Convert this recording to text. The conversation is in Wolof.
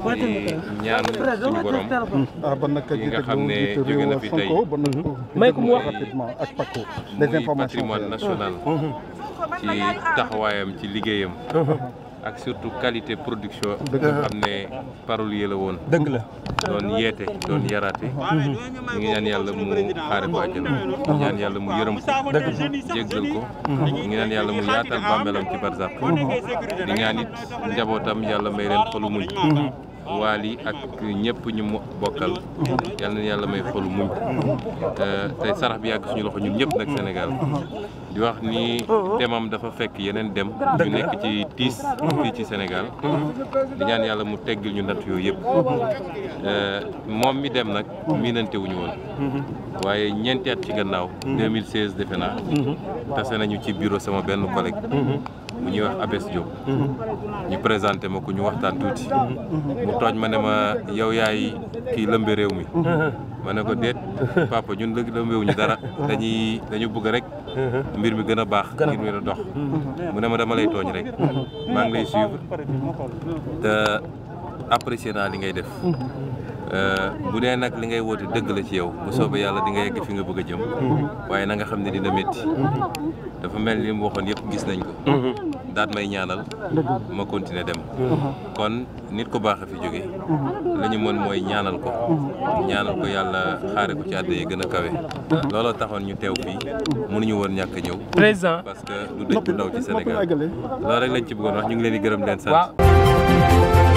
ñaan suñu borom yi nga xam ne jóge na fi tey may ko mu wax ak Paco muy patrimoine national ci taxawaayam ci liggéeyam ak surtout qualité production xam ne parolier la woon dëgg la doon yeete doon yaraate ñu ngi ñaan yàlla mu xaare ko àjjana yàlla mu yërëm ko dëgg ñaan yàlla mu yaatal bàmmeelam ci barzak di ñaan it njabootam yàlla may leen xolu waali ak ñëpp ñu mu bokkal yal na yàlla may xolu muñ te sarax bi yàgg suñu loxo ñun ñëpp nag Sénégal di wax ni demam dafa fekk yeneen dem ñu nekk ci tiis fii ci Sénégal di ñaan yàlla mu tegg ñu natt yooyu yëpp moom mi dem nag miinante wuñu woon waaye ñeenteet ci gannaaw 2016 mm-hmm. defe naa mm-hmm. tase nañu ci bureau sama benn collègue mu ñuy wax Abes Diop. Mhm. ñu présenté ma ku ñu waxtaan tuuti. Mhm. mu tooñ ma ne ma yow yaay kii lëmbe réew mi. Mhm. ma ne ko déet papa ñun lëg lëmbewu ñu dara dañuy dañu bugg rek mbir mi gën a baax ngir mi dox mu ne ma dama lay tooñ rek maa ngi lay suivre te apprécier naa li ngay def euh, bu dee nag li ngay woote dëgg la ci yow bu soobee yàlla di nga yegg fi nga bëgg a jëm waaye nanga xam ne dina métti dafa mel ni mu waxoon yëpp gis nañ ko daat may ñaanal ma continuer dem kon nit ku baax a fi jóge li ñu mën mooy ñaanal ko ñaanal ko yàlla xaare ko ci àdda yi gën a kawe looloo taxoon ñu teew fii mënuñu woon ñàkk ñëw président parce que du dëj bu ndaw ci Sénégal loolu rek lañ ci buggoon wax ñu ngi leen di gërëm leen sant